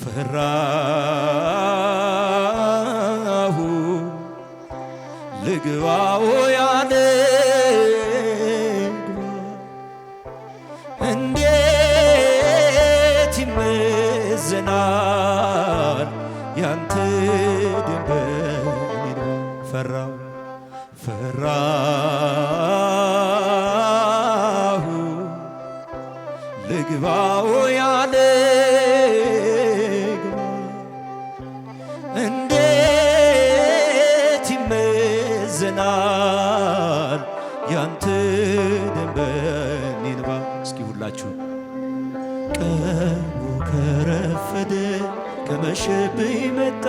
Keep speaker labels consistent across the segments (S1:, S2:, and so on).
S1: ፈራሁ ልግባው ያለ እንዴት ይመዘናል ያንተ ድንበር ፈራሁ ፈራሁ ልግባ በደም በኔ እንባ እስኪ ሁላችሁ ቀኑ ከረፈደ ከመሸብኝ መጣ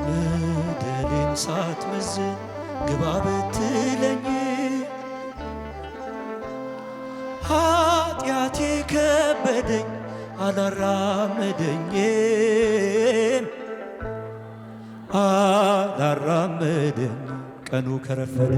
S1: በደሌን ሳትመዝን ግባ ብትለኝ ኃጢአቴ ከበደኝ አላራመደኝም አላራመደኝ ቀኑ
S2: ከረፈደ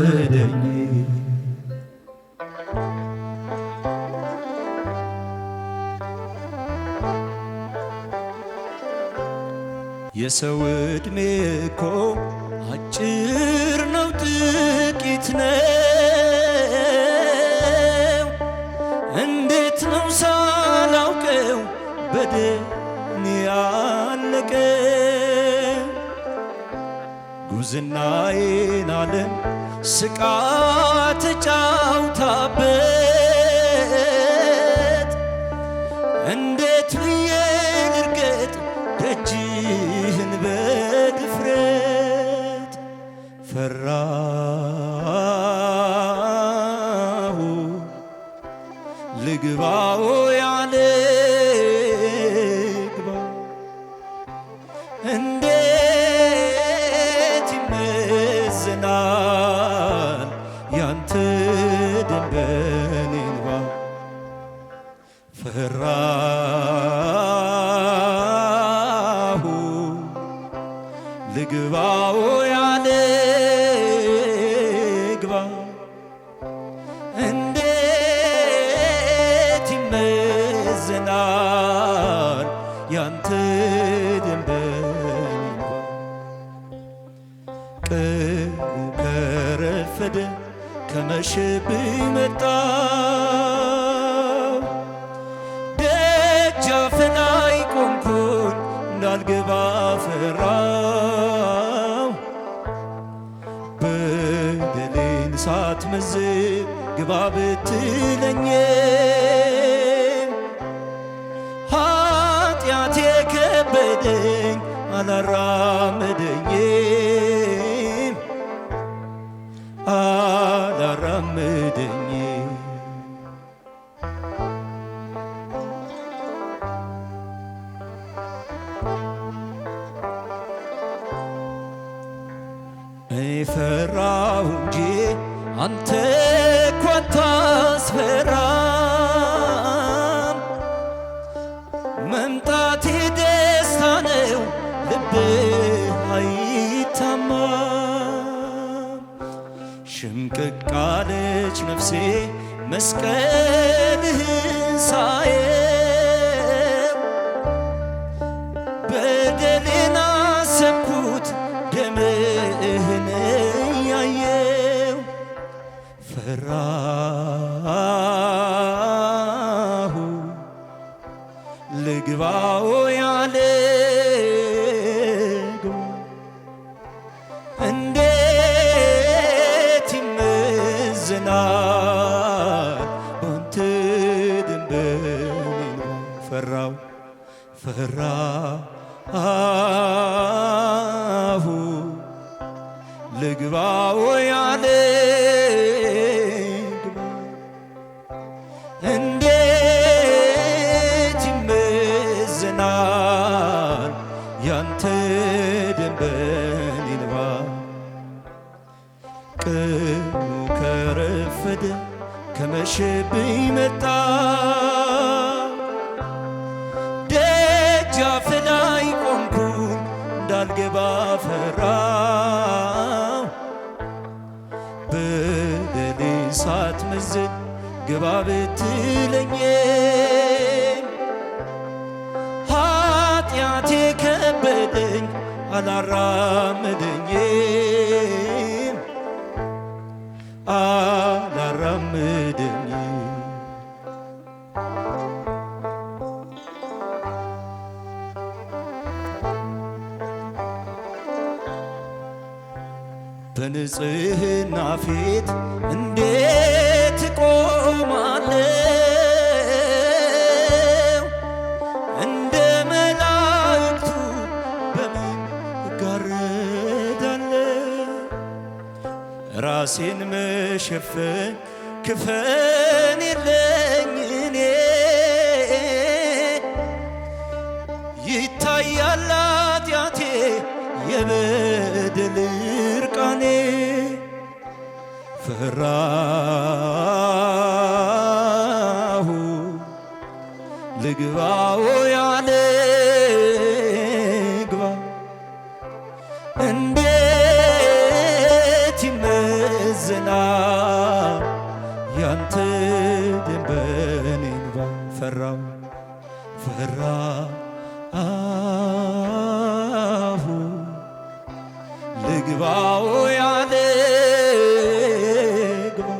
S2: አልወደኝ
S1: የሰው ዕድሜ እኮ አጭር ነው፣ ጥቂት ነው። እንዴት ነው ሳላውቀው በደን ያለቀ ጉብዝናዬን ዓለም ስቃ ተጫውታበት እንዴት ብዬ ልርገጥ ደጅህን በድፍረት ፈራሁ ልግባው ያለ ልግባው ያለ ግባ እንዴት ይመዘናል ያንተ ደንበኛ ቀኑ ከረፈደ ከመሸብኝ መጣ ደጃፍ ላይ ቆምኩኝ እንዳልገባ ፈራ ልትመዝብ ግባ ብትለኝ ኃጢአት የከበደኝ አላራመደኝ አንተ እኮ አታስፈራም። መምጣት ደስታ ነው፣ ልብ አይታማም። ሽምቅቅ አለች ነፍሴ መስቀልህን ሳየ ፈራሁ ልግባው ያለ እንዴት ፈራሁ ልግባው ያለ አልክድም በኔ እንባ ቀኑ ከረፈደ ከመሸብኝ መጣ ደጃፍ ላይ ቆምኩኝ እንዳልገባ ፈራሁ በደሌ ሳትመዝን ግባ ብትለኝ አላራምደኝም አላራምደኝም በንጽህና ፊት እንዴ ራሴን መሸፈን ክፈን የለኝ እኔ ይታያል ኃጢአቴ የበደል እርቃኔ ፈራሁ ልግባ ወይ ግን በእኔ እንባ ልግባው ያለ ግባ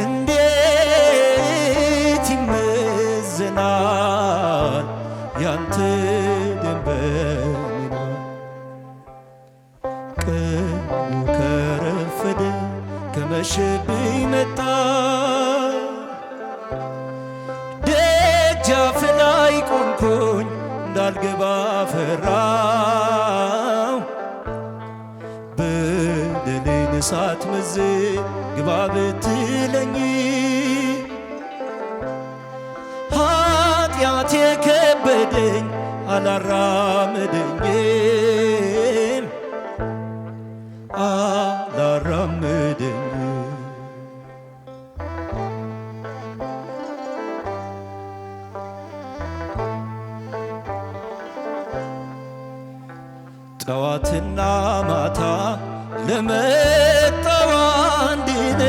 S1: እንዴት ይመዘናል ያንተ ከመሸብኝ መጣ ደጃፍ ላይ ቆምኩኝ እንዳልገባ ፈራው በደሌን መዝ ግባ ብትለኝ ኃጢአት የከበደኝ አላራመደኝ ቀንና ማታ ለመጣው አንድነ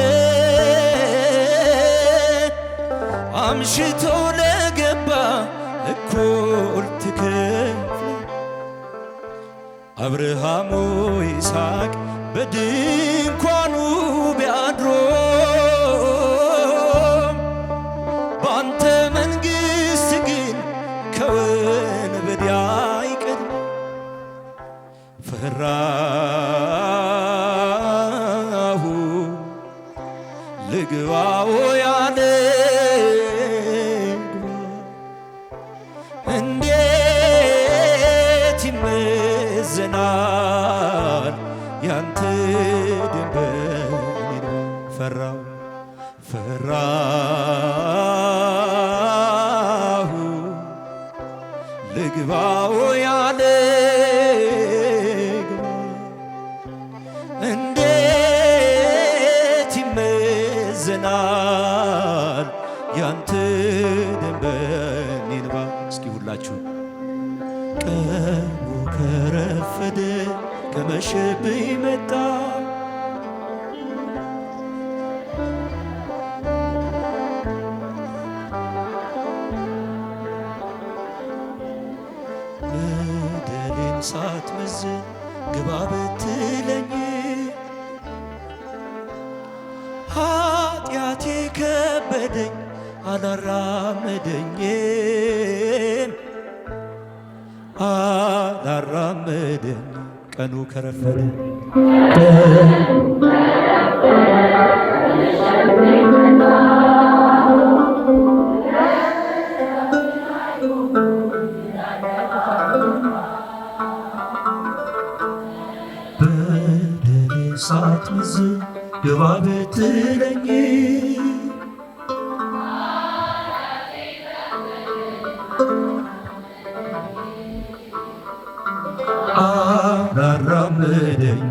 S1: አምሽቶ ለገባ እኩል ትክፍል አብርሃሙ ይስሐቅ በድንኳኑ ቢያድሮ ፈራው ፈራሁ ልግባው ያለ እንዴት ይመዘናል ያንተ ደንበኔ እንባ እስኪ ሁላችሁ ቀኑ ከረፈደ ከመሸብኝ መጣ ሳትመዝን ግባ ብትለኝ ኃጢአቴ ከበደኝ አላራመደኝም አላራመደኝ ቀኑ ከረፈደ ቀኑ ግባ ብትለኝ
S2: አራምደኝ